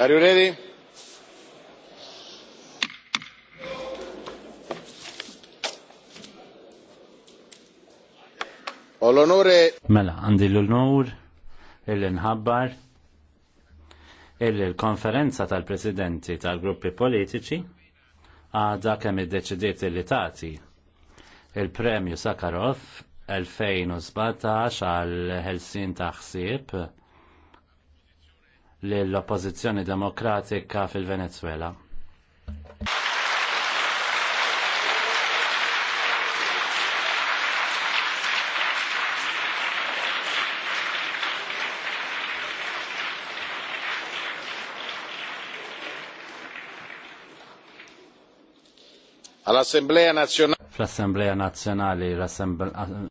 Are you ready? Ho Mela, għandi l-onor il-inħabbar il-konferenza tal-presidenti tal-gruppi politiċi għada kemm id-deċidiet li tagħti il-premju Sakarov 2017 għal Helsin ta' ħsieb l-oppozizjoni demokratika fil-Venezuela. All'Assemblea nazionale. Fl-Assemblea nazionale,